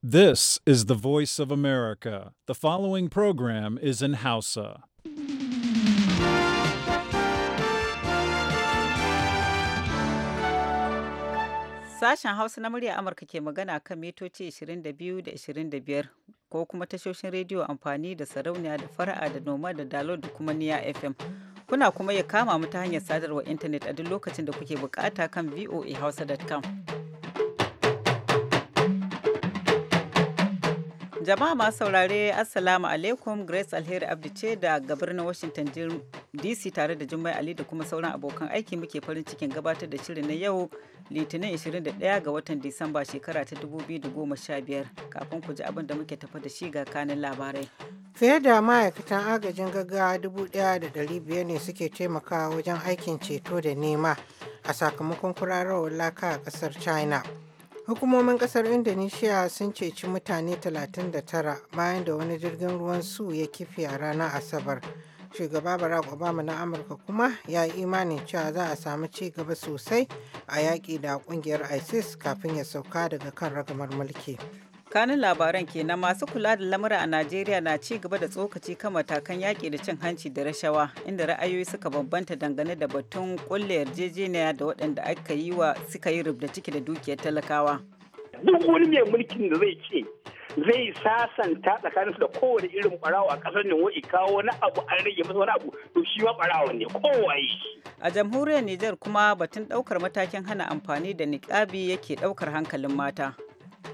This is the voice of America. The following program is in Hausa. Sashen Hausa na murya Amurka ke magana kan mitoci 22 da 25 ko kuma tashoshin rediyo amfani da sarauniya da fara'a da noma da dalo da kuma niya FM. Kuna kuma ya kama mu ta hanyar sadarwar intanet a duk lokacin da kuke bukata kan voahausa.com. Jama'a masu saurare Assalamu alaikum Grace Alheri Abdi ce daga birnin Washington DC tare da Jummai Ali da kuma sauran abokan aiki muke farin cikin gabatar da shirin na yau Litinin 21 ga watan Disamba shekara ta 2015 kafin ku ji abin da muke tafa da shi ga kanin labarai. Fiye da ma'aikatan agajin gaggawa 1,500 ne suke taimakawa wajen aikin ceto da nema a sakamakon kurarowar laka a kasar China. Hukumomin kasar Indonesia sun ceci mutane 39 bayan da wani jirgin ruwan su ya kifi a ranar Asabar. Shugaba Barack Obama na Amurka kuma ya yi imanin cewa za a samu ci gaba sosai a yaƙi da ƙungiyar ISIS kafin ya sauka daga kan ragamar mulki. kanin labaran kenan masu kula da lamura a najeriya na ci gaba da tsokaci kan matakan yaƙi da cin hanci da rashawa inda ra'ayoyi suka bambanta dangane da batun kulle yarjejeniya da waɗanda aka yi wa suka yi rubda ciki da dukiyar talakawa duk wani mai mulkin da zai ce zai sasanta tsakanin su da kowane irin ɓarawo a ƙasar nan wa'i kawo wani abu an rage masa wani abu to shi ma ɓarawo ne kowaye a jamhuriyar nijar kuma batun ɗaukar matakin hana amfani da niƙabi yake ɗaukar hankalin mata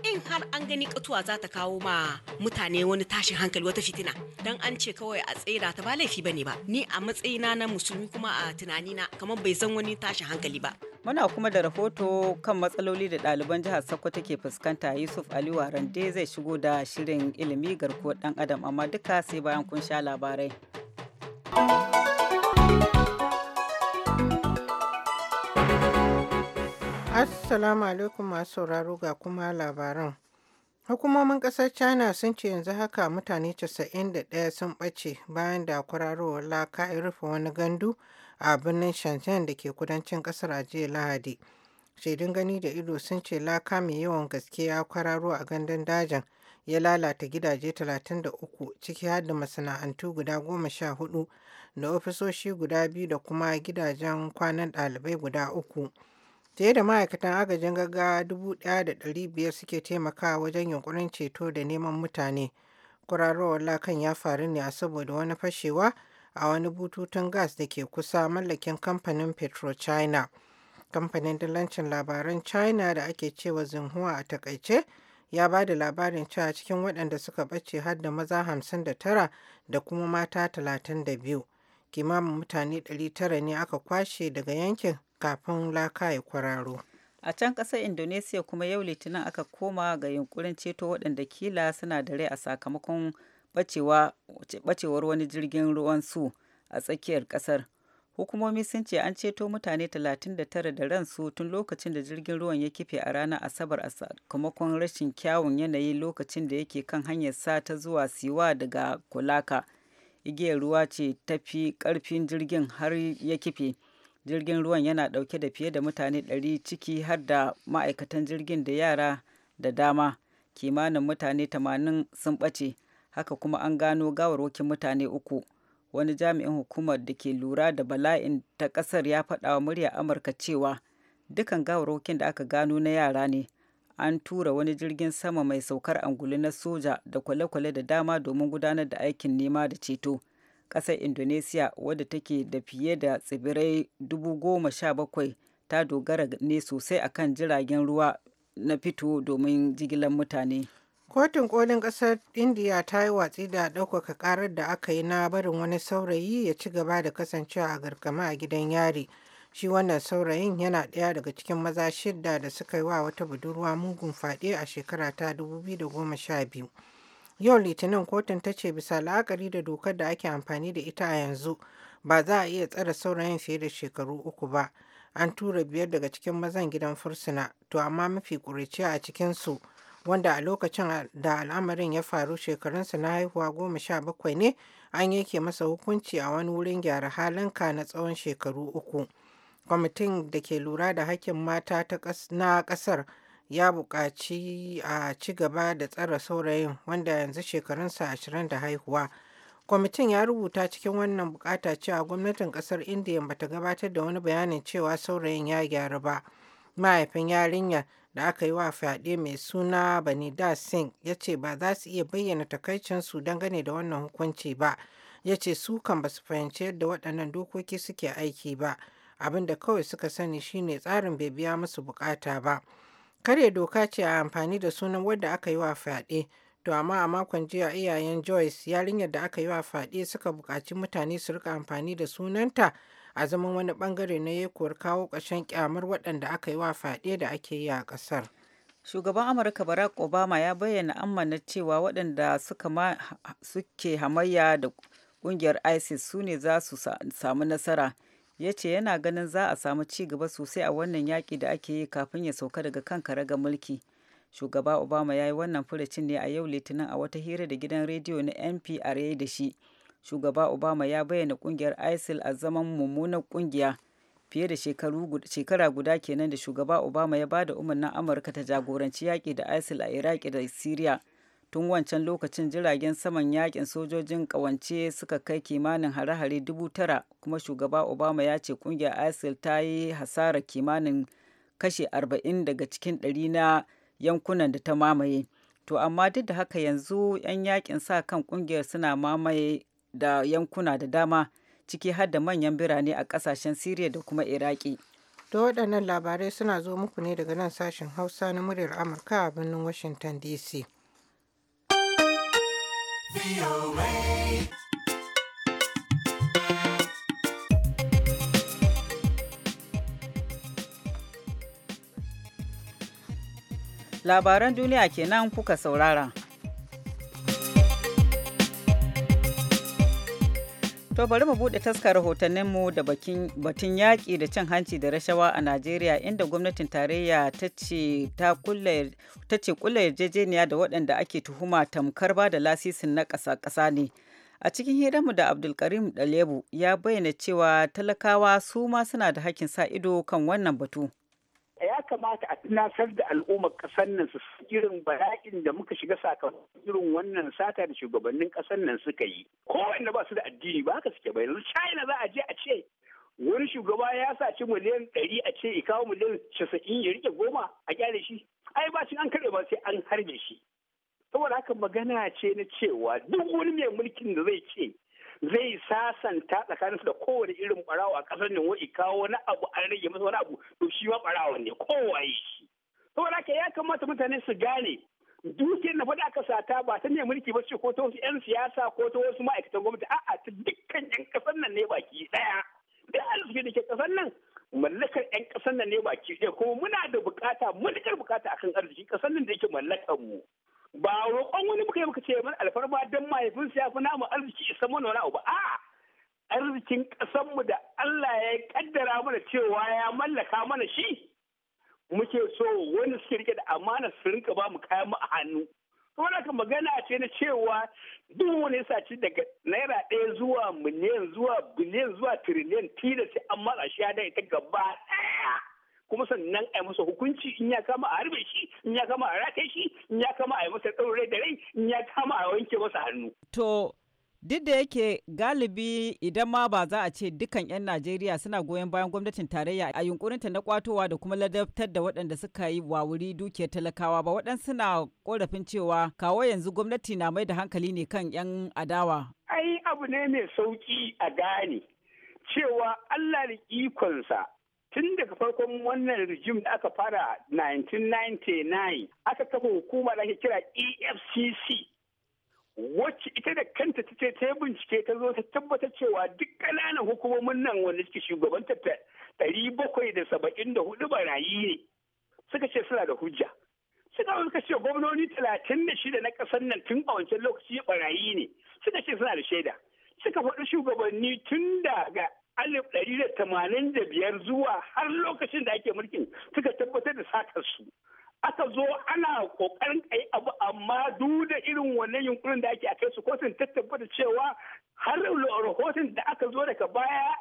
in har an gani katuwa za ta kawo ma mutane wani tashin hankali wata fitina don an ce kawai a tsera ta ba laifi bane ba ni a matsayina na musulmi kuma a tunanina kamar bai zan wani tashin hankali ba Muna kuma da rahoto kan matsaloli da ɗaliban jihar Sokoto ke fuskanta Yusuf Waran dai zai shigo da shirin ilimi garkuwar ɗan adam amma duka sai bayan kun sha labarai. Assalamu alaikum masu sauraro ga kuma labaran. Hukumomin ƙasar China sun ce yanzu haka mutane 91 sun ɓace bayan da kwararowar laka ya rufe wani gandu a birnin Shenzhen da ke kudancin ƙasar a jiya Lahadi. Shaidun gani da ido sun ce laka mai yawan gaske ya kwararo a gandun dajin ya lalata gidaje 33 ciki har da masana'antu guda 14 da ofisoshi guda biyu da kuma gidajen kwanan ɗalibai guda uku. Fiye da ma'aikatan agajin gaggawa 1,500 suke taimakawa wajen yunkurin ceto da neman mutane. Kwararowar lakan ya faru ne a saboda wani fashewa a wani bututun gas da ke kusa mallakin kamfanin PetroChina. Kamfanin dillancin labaran China da ake cewa zinhua a takaice ya ba da labarin cewa cikin waɗanda suka ɓace har da maza 59 da kuma mata 32. kimamin mutane 900 ne aka kwashe daga yankin kafin laka ya kwararo. A can ƙasar Indonesia kuma yau Litinin aka koma ga yunkurin ceto waɗanda kila suna da rai a sakamakon bacewar wani jirgin ruwan su a tsakiyar ƙasar. Hukumomi sun ce an ceto mutane 39 da ransu tun lokacin da jirgin ruwan ya kife a ranar Asabar a sakamakon rashin kyawun yanayi lokacin da yake kan hanyar sata zuwa Siwa daga kulaka Igiyar ruwa ce ta fi ƙarfin jirgin har ya kife. jirgin ruwan yana ɗauke da fiye da mutane ɗari ciki har da ma'aikatan jirgin da yara da dama kimanin mutane tamanin sun ɓace haka kuma an gano gawarwakin mutane uku wani jami'in hukumar da ke lura da bala'in ta ƙasar ya faɗa wa murya amurka cewa dukan gawarwakin da aka gano na yara ne an tura wani jirgin sama mai saukar angulu na soja da kwale-kwale da dama domin gudanar da aikin nema da ceto. kasar indonesiya wadda take da fiye da tsibirai 17,000 ta dogara ne sosai akan jiragen ruwa na fito domin jigilar mutane kotun kolin kasar indiya ta yi watsi da ɗaukaka karar da aka yi na barin wani saurayi ya ci gaba da kasancewa a garkama a gidan yari shi wannan saurayin yana ɗaya daga cikin maza shidda da suka yi wa wata budurwa mugun fyaɗe a shekara ta 2012 Yau Litinin kotun ta ce bisa la'akari da dokar da ake amfani da ita a yanzu ba za a iya tsare saurayin fiye da shekaru uku ba. An tura biyar daga cikin mazan gidan fursuna, to amma mafi ƙuriciya a cikinsu wanda a lokacin da al'amarin ya faru shekarunsu na haihuwa goma sha bakwai ne an yake masa hukunci a wani wurin gyara halin ka na tsawon shekaru uku. Kwamitin da ke lura da hakkin mata na ƙasar ya buƙaci a ci gaba da tsara saurayin wanda yanzu shekarunsa ashirin da haihuwa kwamitin ya rubuta cikin wannan bukata cewa gwamnatin kasar indiya bata gabatar da wani bayanin cewa saurayin ya gyaru ba mahaifin yarinya da aka yi wa fyaɗe mai suna da singh ya ce ba za su iya bayyana takaicin takaicinsu dangane da wannan hukunci ba ya ce su kan ba su fahimci yadda waɗannan dokoki suke aiki ba abin da kawai suka sani shine tsarin bai biya musu bukata ba. Karya doka ce a amfani da sunan wadda aka yi wa fyaɗe, to amma a makon jiya iyayen Joyce yarinyar da aka yi wa fyaɗe suka buƙaci mutane su rika amfani da sunanta a zaman wani bangare na yekuwar kawo ƙarshen kyamar waɗanda aka yi wa fyaɗe da ake yi a ƙasar. shugaban amurka barack obama ya bayyana amana cewa waɗanda suke hamayya da ƙungiyar isis su ne za su samu nasara ya ce yana ganin za a samu ci gaba sosai a wannan yaƙi da ake yi kafin ya sauka daga kan ga mulki shugaba obama ya yi wannan furucin ne a yau litinin a wata hira da gidan rediyo na npr ya da shi shugaba obama ya bayyana kungiyar isil a zaman mummunar kungiya fiye da shekara guda kenan da shugaba obama ya ba da umarnin amurka ta jagoranci yaƙi da isil a iraq da syria tun wancan lokacin jiragen saman yakin sojojin kawance suka kai kimanin hare-hare dubu tara kuma shugaba obama ya ce kungiyar isil ta yi hasara kimanin kashe arba'in daga cikin 100 na yankunan da ta mamaye to amma duk da haka yanzu 'yan yakin sa kan kungiyar suna mamaye da yankuna da dama ciki har da manyan birane a kasashen syria da kuma iraki da waɗannan labarai suna zo muku ne daga nan sashen hausa na muryar amurka a birnin washington dc Labaran duniya kenan kuka saurara. To bari mu buɗe taskar rahotanninmu da batun yaƙi da cin hanci da rashawa a Najeriya inda gwamnatin tarayya ta ce kula yarjejeniya da waɗanda ake tuhuma tamkar ba da lasisin na ƙasa-ƙasa ne. A cikin mu da Abdulkarim Dalebu ya bayyana cewa talakawa su ma suna da hakkin sa ido kan wannan batu. Da ya kamata a tunasar da al'ummar ƙasar nan su irin bala'in da muka shiga sakamakon irin wannan sata da shugabannin ƙasar nan suka yi kowanne ba su da addini ba haka suke bai china za a je a ce wani shugaba ya saci miliyan ɗari a ce kawo miliyan casa'in ya rike goma a kyale shi ai ba an karɓe ba sai an harbe shi saboda haka magana ce na cewa duk wani mai mulkin da zai ce zai sasanta su da kowane irin barawo a kasar ne wa'i kawo wani abu an rage masa wani abu to shi ma barawa ne kowaye shi saboda ke ya kamata mutane su gane dukiyar na faɗa aka sata ba ta ne mulki ba ce ko ta wasu 'yan siyasa ko ta wasu ma'aikatan gwamnati a'a ta dukkan 'yan ƙasar nan ne baki ɗaya da arziki da ke ƙasar nan mallakar 'yan ƙasar nan ne baki ɗaya kuma muna da bukata mulkar bukata akan arziki kasar nan da yake mallakar mu ba roƙon wani muka yi muka ce mana alfarma don mahaifin ya fi namu arziki isa mana wani abu a arzikin ƙasanmu da Allah ya kaddara mana cewa ya mallaka mana shi muke so wani suke rike da amana su rinka ba mu kayan mu a hannu saboda ka magana ce na cewa duk wani ya saci daga naira ɗaya zuwa miliyan zuwa biliyan zuwa tiriliyan tilasta amma a shi ya da ita gaba ɗaya kuma sannan a yi masa hukunci in ya kama a harbe shi in ya kama a rataye shi in ya kama a yi masa ɗaure da rai in ya kama a wanke masa hannu. To duk da yake galibi idan ma ba za a ce dukkan 'yan najeriya suna goyon bayan gwamnatin tarayya a yunkurinta na kwatowa da kuma ladabtar da waɗanda suka yi wawuri dukiyar talakawa ba waɗansu suna korafin cewa kawo yanzu gwamnati na mai da hankali ne kan 'yan adawa ai abu ne mai sauki a gane cewa allah da ikonsa tun daga farkon wannan rijim da aka fara 1999 aka kafa hukuma da ake kira efcc wacce ita da kanta ta ce ta bincike ta zo ta tabbata cewa duk ƙananan hukumomin nan wanda suke shugabantar ta ɗari bakwai da saba'in da hudu barayi ne suka ce suna da hujja suka suka ce gwamnoni talatin da shida na ƙasar nan tun a wancan lokaci barayi ne suka ce suna da shaida suka faɗi shugabanni tun daga alif ɗari da tamanin da biyar zuwa har lokacin da ake mulkin suka tabbatar da satar su aka zo ana kokarin a abu amma duk da irin wannan yunkurin da ake a kai su kotun ta tabbata cewa har rahoton da aka zo daga baya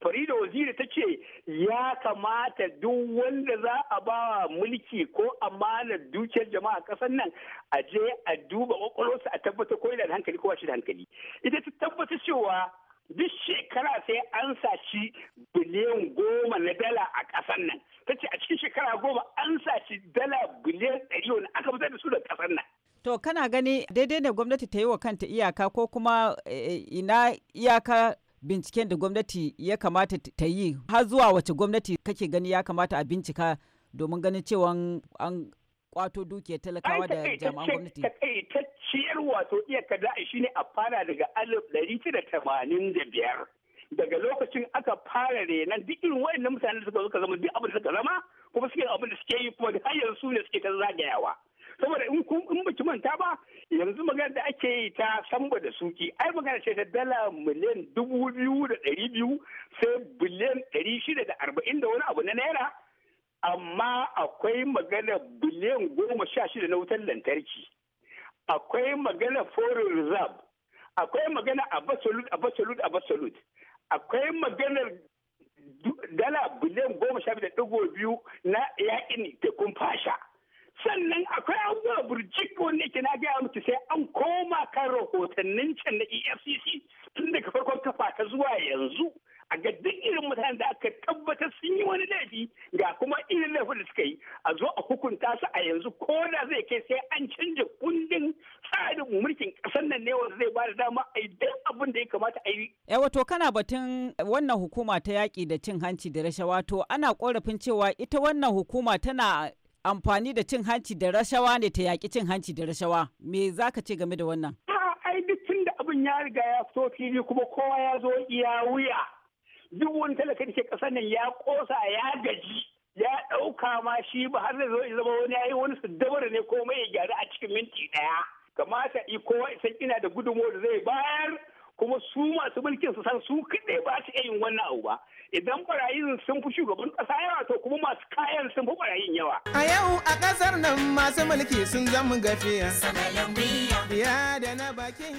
Farida Waziri ta ce ya kamata duk wanda za a ba mulki ko amanar dukiyar jama'a ƙasar nan a je a duba kwakwalwarsa a tabbata ko yana da hankali ko shi da hankali. Ita ta tabbata cewa duk shekara sai an saci biliyan goma na dala a ƙasar nan ta ce a cikin shekara goma an saci dala biliyan ɗari wani aka fitar da su da kasar nan to kana gani daidai ne gwamnati ta yi wa kanta iyaka ko kuma eh, ina iyaka binciken da gwamnati ya kamata ta yi har zuwa wace gwamnati kake gani ya kamata a bincika domin ganin cewa an kwato dukiya talakawa da jami'an gwamnati? Takaitacciyar wato iya kada'i ne a fara daga alif ɗari da tamanin da biyar. Daga lokacin aka fara renan duk irin wayannan mutanen suka suka zama duk abin da suka zama kuma suke abin da suke yi kuma da hanyar su ne suke ta zagayawa. Saboda in kun in baki manta ba yanzu magana da ake yi ta samba da suki ai magana ce ta dala miliyan dubu biyu da ɗari biyu sai biliyan ɗari shida da arba'in da wani abu na naira amma akwai magana biliyan goma sha shida na wutar lantarki akwai magana foreign reserve akwai magana absolute absolute absolute akwai magana dala biliyan goma sha biyar ɗigo biyu na yaƙin tekun fasha sannan akwai abubuwa burjik wanda ke na gaya mutu sai an koma kan rahotannin can na efcc tun daga farkon kafa ta zuwa yanzu a ga duk irin mutanen da aka tabbatar sun yi wani laifi ga kuma irin laifin da suka yi a zo a hukunta su a yanzu ko da zai kai sai an canja kundin tsarin mulkin ƙasar nan ne wanda zai ba da dama a yi duk abin da ya kamata a yi. yawa eh, to kana batun wannan hukuma ta yaƙi da cin hanci da rashawa to ana korafin cewa ita wannan hukuma tana amfani da cin hanci da rashawa ne ta yaƙi cin hanci da rashawa me za ka ce game da wannan. ai duk tun da abin ya riga ya fito fili kuma kowa ya zo iya wuya duk wani talaka da ke ƙasar nan ya ƙosa ya gaji ya ɗauka ma shi ba har zai zo zama wani ya yi wani su dabara ne ko ya gyaru a cikin minti ɗaya kamata kowa isan ina da gudunmawar da zai bayar kuma su masu mulkin su san su kaɗai ba su yin wannan abu ba idan barayin sun fi shugaban ƙasa yawa to kuma masu kayan sun fi barayin yawa a yau a ƙasar nan masu mulki sun zama gafiya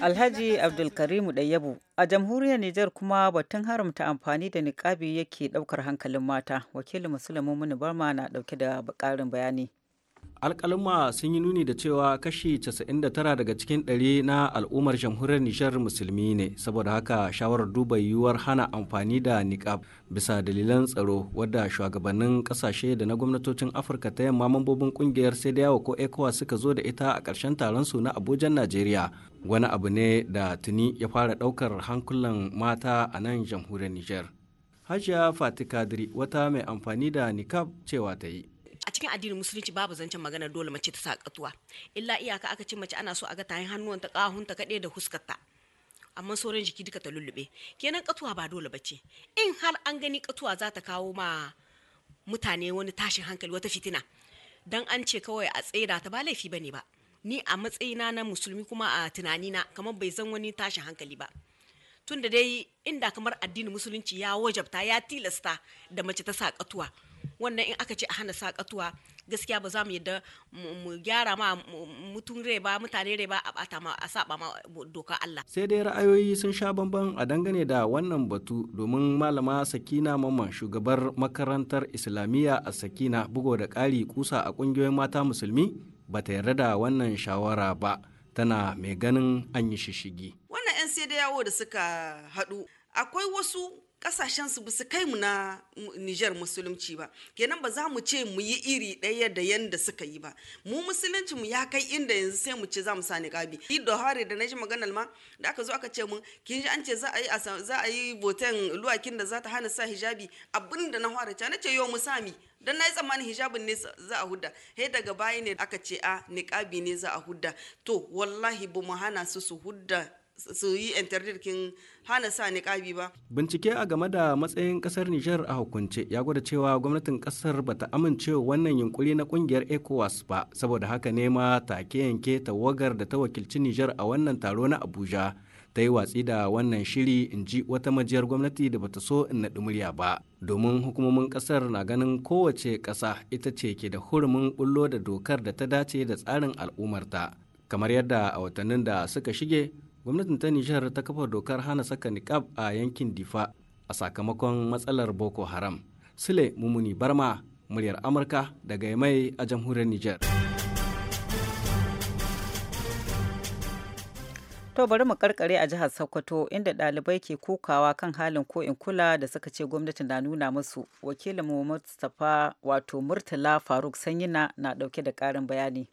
Alhaji Abdulkarimu Ɗayyabu a jamhuriyar Nijar kuma batun haramta amfani da niƙabi yake ɗaukar hankalin mata. Wakilin Musulmin Muni Barma na ɗauke da ƙarin bayani. alkalma sun yi nuni da cewa kashi 99 daga cikin ɗari na al'ummar jamhuriyar nijar musulmi ne saboda haka shawarar duba yiwuwar hana amfani da niqab bisa dalilan tsaro wadda shugabannin kasashe da na gwamnatocin afirka ta yamma mambobin kungiyar sai da yawa ko ecowas suka zo da ita a ƙarshen taron su na abuja najeriya wani abu ne da tuni ya fara ɗaukar hankulan mata a nan jamhuriyar nijar hajiya fatikadiri wata mai amfani da niqab cewa ta yi a cikin addinin musulunci babu zancen magana dole mace ta sa katuwa illa iyaka aka ce mace ana so a ga tayin hannuwanta kahunta kaɗai da huskarta amma sauran jiki duka ta lullube kenan katuwa ba dole bace in har an gani katuwa za ta kawo ma mutane wani tashin hankali wata fitina dan an ce kawai a tsaida ta ba laifi bane ba ni a matsayina na musulmi kuma a tunani na kamar bai zan wani tashin hankali ba tunda dai inda kamar addinin musulunci ya wajabta ya tilasta da mace ta sa katuwa wannan in aka ce a hana sakatuwa gaskiya ba za mu yadda mu gyara ma mutum rai ba mutane rai ba a bata ma a saba ma doka Allah sai dai ra'ayoyi sun sha bamban a dangane da wannan batu domin malama Sakina Mamman shugabar makarantar Islamiyya a Sakina bugo da ƙari kusa a ƙungiyoyin mata musulmi ba ta yarda da wannan shawara ba tana mai ganin an yi shishigi wannan 'yan sai da yawo da suka haɗu akwai wasu kasashensu su su kai mu na Nijar musulunci ba kenan ba za mu ce mu yi iri ɗaya da yanda suka yi ba mu musulunci mu ya kai inda yanzu sai mu ce za mu sa niqabi ni da hari da naji maganar ma da aka zo aka ce mun kin ji an ce za a yi za a yi boten luwakin da za ta hana sa hijabi abinda na fara ta ce yo mu sami don na yi tsammanin hijabin ne za a hudda he daga baya ne aka ce a ah, niƙabi ne za a hudda to wallahi ba mu hana su su hudda su yi interdirkin hana sa niƙabi ba. Bincike a game da matsayin ƙasar Nijar a hukunce ya gwada cewa gwamnatin ƙasar bata amince wannan yunkuri na ƙungiyar ECOWAS ba saboda haka ne ma take yanke tawagar da ta wakilci Nijar a wannan taro na Abuja. ta yi watsi da wannan shiri in ji wata majiyar gwamnati da bata so in naɗi murya ba domin hukumomin ƙasar na ganin kowace ƙasa ita ce ke da hurumin bullo da dokar da ta dace da tsarin al'ummarta kamar yadda a watannin da suka shige gwamnatin ta nijar ta kafa dokar hana saka niqab a yankin difa a sakamakon matsalar boko haram sule mumuni barma muryar amurka daga mai a jamhuriyar nijar. to bari mu karkare a jihar sokoto inda dalibai ke kokawa kan halin ko in kula da suka ce gwamnati na nuna musu wakilin mu mustapha wato murtala faruk sanyina na dauke da karin bayani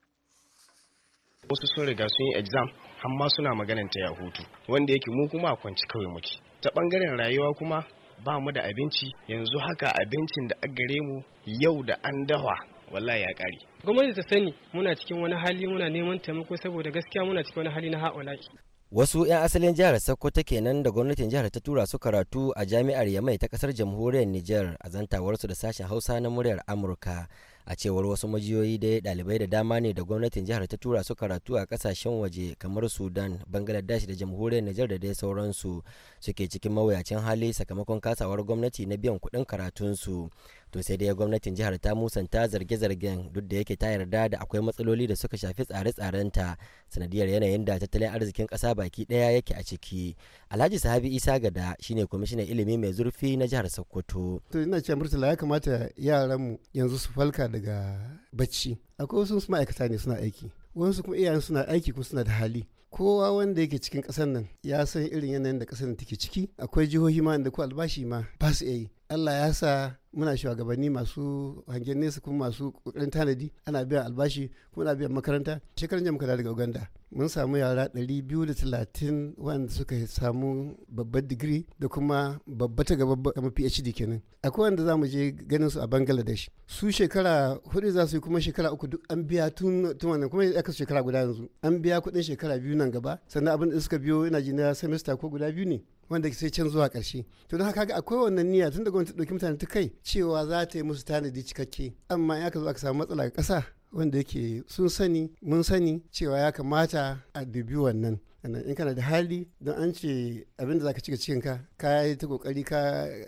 wasu sun riga sun yi exam amma suna maganan ta hutu wanda yake mu kuma a kwanci kawai muke ta bangaren rayuwa kuma ba mu da abinci yanzu haka abincin da a gare mu yau da an dawa wallahi ya kare gwamnati ta sani muna cikin wani hali muna neman taimako saboda gaskiya muna cikin wani hali na ha'ulaki wasu 'yan asalin jihar sokoto kenan da gwamnatin jihar ta tura su karatu a jami'ar yamai ta kasar jamhuriyar niger a zantawarsu da sashen hausa na muryar amurka a cewar wasu majiyoyi dai dalibai da dama ne da gwamnatin jihar ta tura su karatu a kasashen waje kamar sudan bangladesh da jamhuriyar nijar da dai sauransu suke cikin mawuyacin hali sakamakon kasawar gwamnati na biyan kuɗin karatunsu to sai dai gwamnatin jihar ta musanta zarge-zargen duk da yake ta yarda da akwai matsaloli da suka shafi tsare-tsarenta sanadiyar yanayin da tattalin arzikin kasa baki daya yake a ciki alhaji sahabi isa gada shine kwamishinan ilimi mai zurfi na jihar sokoto to ina ce murtala ya kamata yaranmu yanzu su falka daga bacci akwai wasu ma'aikata ne suna aiki wasu kuma iyayen suna aiki kuma suna da hali kowa wanda yake cikin ƙasar nan ya san irin yanayin da ƙasar nan take ciki akwai jihohi ma da ko albashi ma ba su yi Allah ya sa muna shugabanni masu hangen nesa kuma masu kokarin tanadi ana biyan albashi kuma ana biyan makaranta shekaran jam kada daga uganda mun samu yara 230 wanda suka samu babbar digiri da kuma babba ta gaba kamar phd kenan akwai wanda za mu je ganin su a bangladesh su shekara hudu za su yi kuma shekara uku duk an biya tun wannan kuma aka shekara guda yanzu an biya kuɗin shekara biyu nan gaba sannan abin da suka biyo ina jina semester ko guda biyu ne wanda sai can zuwa ƙarshe to don haka ga akwai wannan niyya tun da gwamnati dauki mutane ta kai cewa za ta yi musu tanadi cikakke amma in aka zo aka samu matsala ga ƙasa wanda yake sun sani mun sani cewa ya kamata a dubi wannan in kana da hali don an ce abinda zaka cika cikin ka ka yi ta kokari ka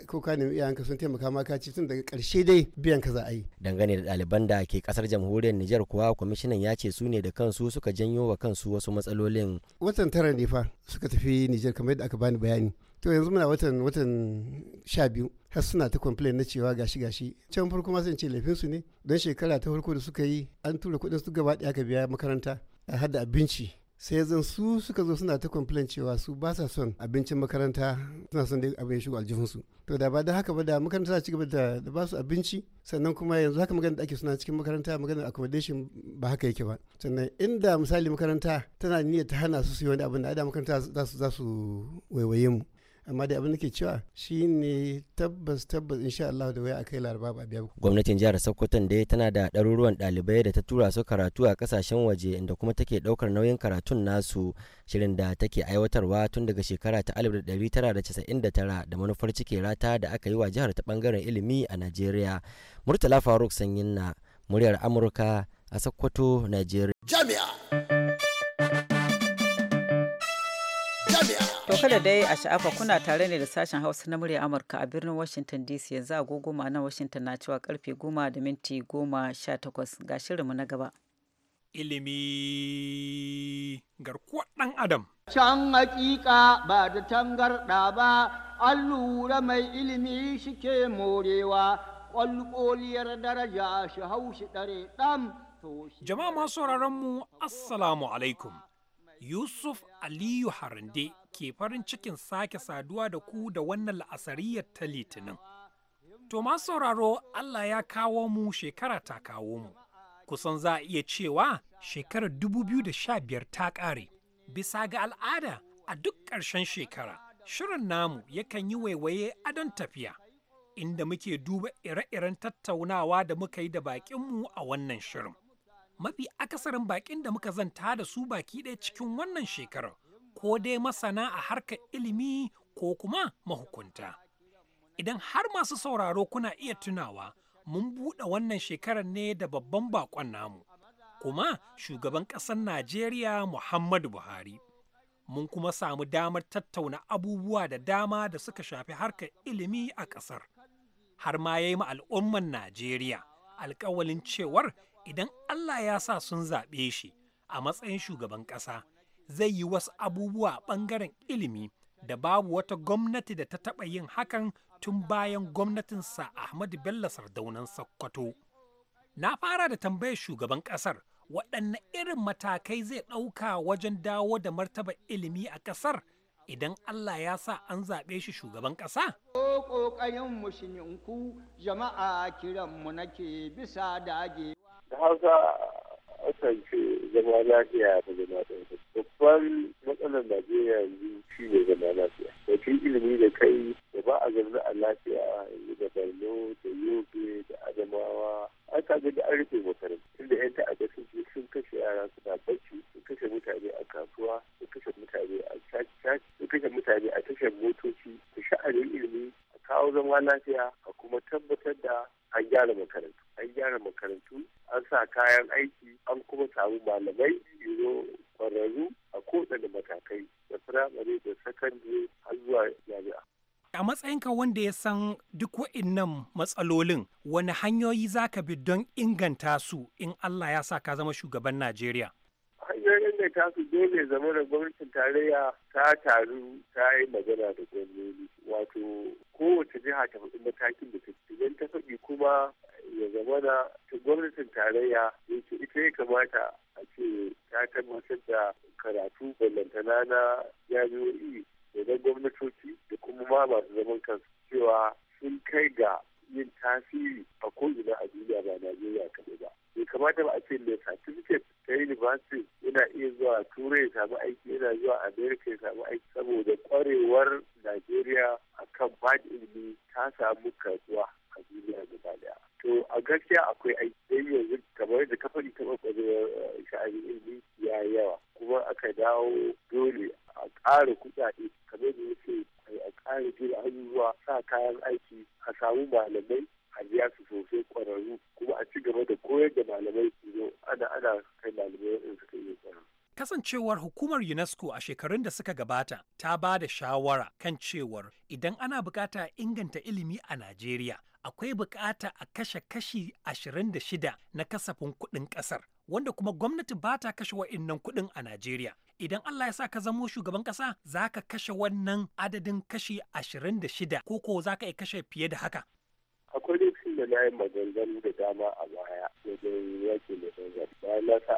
ko ka nemi iyayenka sun taimaka ma ci tun daga karshe dai biyan ka za a yi dangane da ɗaliban da ke kasar jamhuriyar Nijar kuwa kwamishinan ya ce su ne da kansu suka janyo wa kansu wasu matsalolin watan tara ne fa suka tafi Nijar kamar yadda aka bani bayani to yanzu muna watan watan sha biyu har suna ta complain na cewa gashi gashi can farko ma sun ce laifin su ne don shekara ta farko da suka yi an tura kuɗin su gaba ɗaya aka biya makaranta a hada abinci sai zan su suka zo suna ta complain cewa su ba sa son abincin makaranta suna son dai abin shigo su. to da ba da haka ba da makaranta ta cigaba da ba su abinci sannan kuma yanzu haka magana da ake suna cikin makaranta magana accommodation ba haka yake ba sannan inda misali makaranta tana niyyar ta hana su su yi wani abin da ada makaranta za su waiwaye mu amma da abin da ke cewa shine tabbas tabbas insha Allah da waya akai laraba ba biya gwamnatin jihar Sokoton dai tana da ɗaruruwan ɗalibai da ta tura su karatu a kasashen waje inda kuma take ɗaukar nauyin karatun nasu shirin da take aiwatarwa tun daga shekara ta 1999 da manufar cike rata da aka yi wa jihar ta bangaren ilimi a Najeriya Murtala Faruk Sanyin na muryar Amurka a Sokoto Najeriya Jami'a To kada dai a sha'afa kuna tare ne da sashen Hausa na murya Amurka a birnin Washington DC yanzu agogo na Washington na cewa karfe 10 da minti goma ga shirinmu na gaba. Ilimi garkuwar ɗan Adam. Can hakika ba da tangarɗa ba, allura mai ilimi shike morewa, ƙwalƙoliyar daraja shi haushi ɗare ɗan. Jama'a masu mu Assalamu alaikum. Yusuf Aliyu Harande ke farin cikin sake saduwa da ku da wannan la'asariyar ta litinin. To masu sauraro Allah ya kawo mu shekara ta kawo mu. Kusan za a iya cewa shekarar biyar ta ƙare. Bisa ga al'ada a duk ƙarshen shekara, shirin namu yakan yi waiwaye adon tafiya. Inda muke duba ire-iren tattaunawa da muka yi da baƙinmu a wannan shirin. Mafi akasarin baƙin da muka zanta da su baki ɗaya cikin wannan shekarar ko dai masana a harkar ilimi ko kuma mahukunta. Idan har masu sauraro kuna iya tunawa, mun buɗe wannan shekarar ne da babban bakon namu, kuma shugaban ƙasar Najeriya Muhammadu Buhari. Mun kuma samu damar tattauna abubuwa da dama da suka shafi harkar ilimi a ƙasar. Har ma ya yi ma al'umman Najeriya alƙawalin cewar idan Allah ya sa sun zaɓe shi a matsayin shugaban ƙasa. zai yi wasu abubuwa ɓangaren ilimi da babu wata gwamnati da ta taɓa yin hakan tun bayan gwamnatinsa Ahmadu Bello Sardaunan Sokoto. Na fara da tambayar shugaban ƙasar waɗanne irin matakai zai ɗauka wajen dawo da martaba ilimi a ƙasar idan Allah ya sa an zaɓe shi shugaban ƙasa? Ƙoƙarin mushininku jama'a kiranmu nake bisa dage. Da hausa ce zama lafiya da jama'a babban matsalar najeriya yanzu shi ne zama lafiya batun ilimi da kai da ba a zaune a lafiya yanzu da borno da yobe da adamawa an kaga da an rufe makarantu inda yan ta'adda sun ce sun kashe yara suna bacci sun kashe mutane a kasuwa sun kashe mutane a caci sun kashe mutane a tashar motoci da sha'anin ilimi a kawo zama lafiya a kuma tabbatar da an gyara makarantu an gyara makarantu an sa kayan aiki an kuma samu malamai kan har zuwa jami'a. A matsayinka wanda ya san duk wa'innan matsalolin wani hanyoyi za ka bi don inganta su in Allah ya sa ka zama shugaban Najeriya? Hanyoyin da ta su dole zama da gwamnatin tarayya ta taru ta yi magana da gwamnoni. Wato kowace jiha ta faɗi matakin da ta idan ta faɗi kuma ya zama da gwamnatin tarayya yake ita ya kamata a ce ta tabbatar da karatu ballantana na jami'o'i idan gwamnatoci da kuma ma masu zaman kansu cewa sun kai ga yin tasiri a ko'ina a duniya ba Najeriya kaɗai ba. Bai kamata ba a ce mai certificate ta university yana iya zuwa Turai ya samu aiki yana zuwa America ya samu aiki saboda kwarewar Najeriya a kan bad ilimi ta samu kasuwa a duniya gaba daya. To a gaskiya akwai aiki dai yanzu kamar da kafari ta ɓaɓɓare eh, sha'anin ilimi ya yawa kuma aka dawo cewar hukumar UNESCO a shekarun da suka gabata ta ba da shawara kan cewar idan ana bukata inganta ilimi a Najeriya akwai bukata a kashe kashi 26 na kasafin kuɗin kasar wanda kuma gwamnati ba ta kashe wa'innan kuɗin a Najeriya. Idan Allah ya sa ka zamo shugaban ƙasa za ka kashe wannan adadin kashi 26 ko ko za ka iya kashe fiye da haka. akwai lokacin da na yi maganganu da dama a baya wajen yaƙi da bayan na sa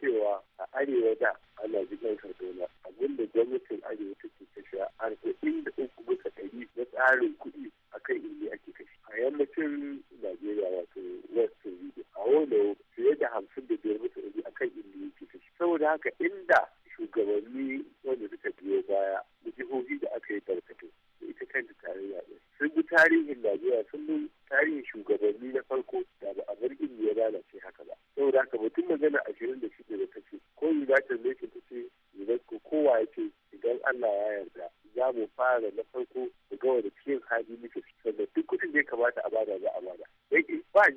cewa arewa da ana jigar kaduna abinda gwamnatin arewa take kashe arba'in da uku bisa ɗari na tsarin kuɗi a kan inda ake kashe a yammacin najeriya wato west region a wani fiye da hamsin da biyar bisa ɗari a kan inda yake kashe saboda haka inda shugabanni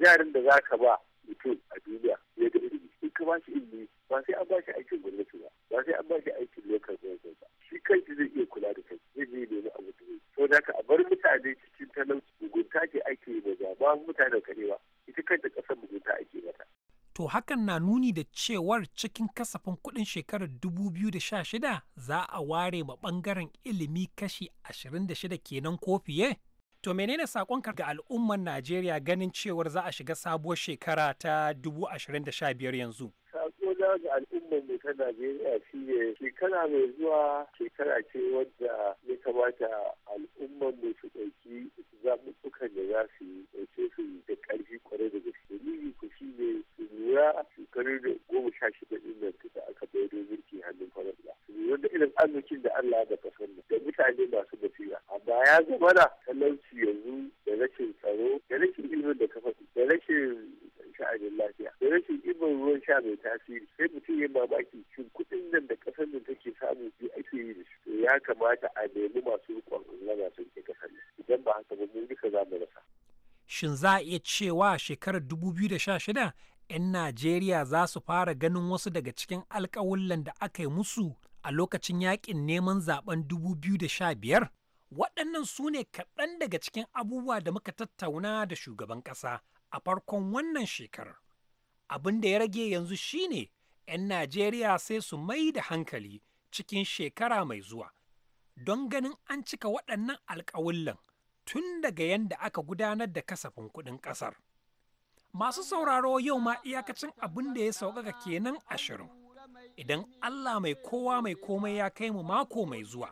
yaran da za ka ba mutum a duniya ya ga ilimi in ka ba shi ilimi ba sai an ba shi aikin gwamnati ba ba sai an ba shi aikin lokacin gwamnati ba shi kanshi zai iya kula da kai zai je nemi abu da zai so da a bar mutane cikin talauci mugunta ce ake yi da ba mutane ba ita kanta ƙasar mugunta ake mata. to hakan na nuni da cewar cikin kasafin kuɗin shekarar 2016 za a ware ma bangaren ilimi kashi 26 kenan ko fiye? To menene sakon ga al'ummar Najeriya ganin cewar za a shiga sabuwar shekara ta biyar yanzu? Sakona ga al'ummar mu ta Najeriya shi ne shekara mai zuwa shekara ce wadda ya kamata al'ummar mu su ɗauki zaɓuɓɓukan da za su yi ɗauke su da ƙarfi kwarai da gaske. Nini ku shi ne su lura shekaru da goma sha shida ɗin nan da aka bai mulki hannun farar da. Su lura da irin arzikin da Allah da sanna. da mutane masu basira. Amma ya zama da shin za a iya cewa shekarar 2016 'yan Najeriya za su fara ganin wasu daga cikin alkawullan da aka yi musu a lokacin yakin neman zaben 2015? Waɗannan su ne kaɗan daga cikin abubuwa da muka tattauna da shugaban ƙasa a farkon wannan shekarar. Abin da ya rage yanzu shine 'yan Najeriya sai su mai da hankali cikin shekara mai zuwa don ganin an cika waɗannan alkawullan. tun daga yadda aka gudanar da kasafin kuɗin ƙasar. Masu sauraro yau ma iyakacin abin da ya sauƙaƙa kenan ashirin. Idan Allah mai kowa mai komai ya kai mu mako mai zuwa,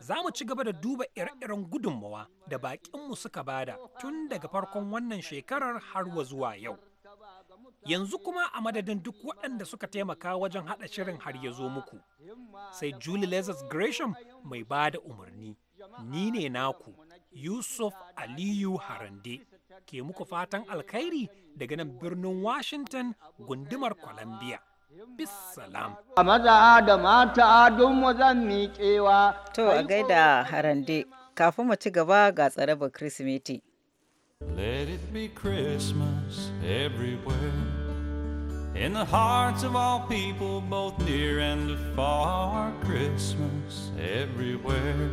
za mu ci gaba da duba ire-iren gudunmawa da baƙinmu suka bada tun daga farkon wannan shekarar har wa zuwa yau. Yanzu kuma a madadin duk waɗanda suka taimaka wajen haɗa shirin har ya zo muku, sai Julie Lazarus Gresham mai bada umarni, ni ne naku. Yusuf Aliyu Harande ke muku fatan alkhairi daga nan birnin Washington gundumar Columbia. Bissalam. A maza da mata don zan miƙewa. To a gaida Harande, kafin mu ci gaba ga tsarabar Kirsimeti. Let it be Christmas everywhere in the hearts of all people both near and far Christmas everywhere.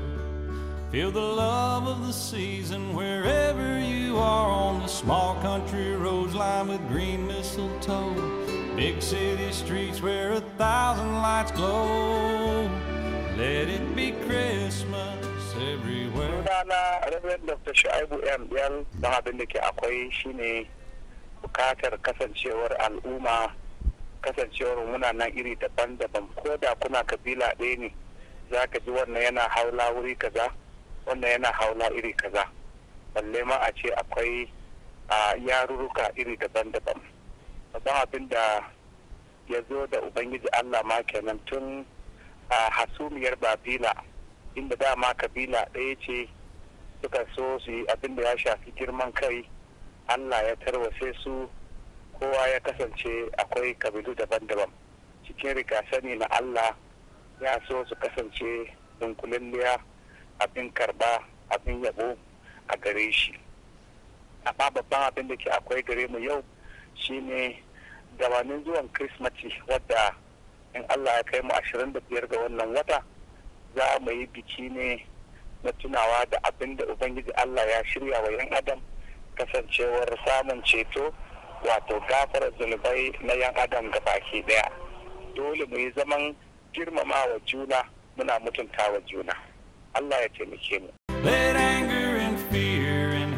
Feel the love of the season wherever you are on the small country roads lined with green mistletoe. Big city streets where a thousand lights glow. Let it be Christmas everywhere. Sunana Reverend Dr. muna kuna kabila haula wannan yana haula iri kaza balle ma a ce akwai yarurruka iri daban-daban babban abin da ya zo da ubangiji allah ma kenan tun a hasumiyar babila inda dama kabila ɗaya ce suka so su yi abin da ya shafi girman kai allah ya tarwase su kowa ya kasance akwai kabilu daban-daban cikin rikasani na allah ya so su kasance liya abin karba abin yabo a gare shi amma babban abin da ke akwai gare mu yau shine gabanin zuwan kirismati wadda in allah ya kai mu 25 ga wannan wata za mu yi biki ne na tunawa da abin da ubangiji allah ya shirya wa 'yan adam kasancewar samun ceto wato gafara zunubai na 'yan adam ga baki daya dole mu yi zaman girmamawa juna muna mutuntawa juna Allah ya taimake mu Let anger and fear and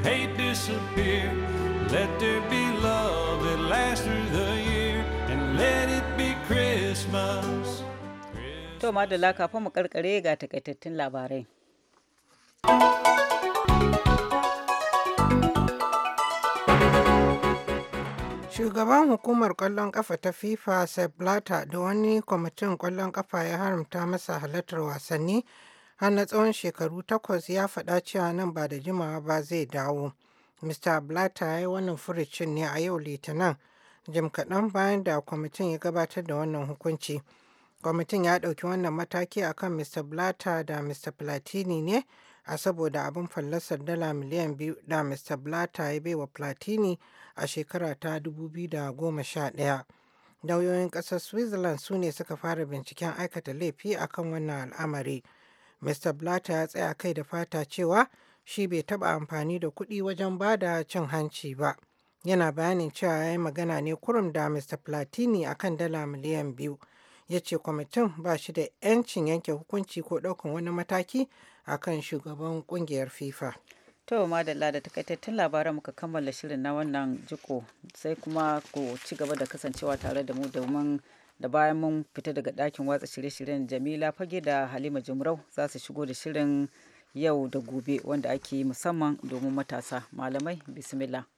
mu karkare ga takaitattun labarai Shugaban hukumar kwallon kafa ta FIFA Sepp Blatter da wani kwamitin kwallon kafa ya haramta masa halartar wasanni har na tsawon shekaru takwas ya faɗa cewa nan ba da jimawa ba zai dawo. Mr. Blatter ya yi wannan furucin ne a yau Litinin jim kaɗan bayan da kwamitin ya gabatar da wannan hukunci. Kwamitin ya ɗauki wannan mataki akan Mr. Blatter da Mr. Platini ne a saboda abin fallasar dala miliyan biyu da Mr. Blatter ya baiwa Platini a shekara ta 2011. Dauyoyin ƙasar Switzerland su ne suka fara binciken aikata laifi akan wannan al'amari. Mr. Blatter ya tsaya kai da fata cewa shi bai taɓa amfani da kuɗi wajen ba da cin hanci ba. Yana bayanin cewa ya yi magana ne kurum da Mr. Platini akan dala miliyan biyu. Ya ce kwamitin ba shi da 'yancin yanke hukunci ko ɗaukan wani mataki akan shugaban ƙungiyar FIFA. To madalla da takaitattun labaran muka kammala shirin na wannan jiko sai kuma ku ci gaba da kasancewa tare da mu domin da bayan mun fita daga dakin watsa shirye-shiryen jamila fage da halima jimrau za su shigo da shirin yau da gobe wanda ake musamman domin matasa malamai bismillah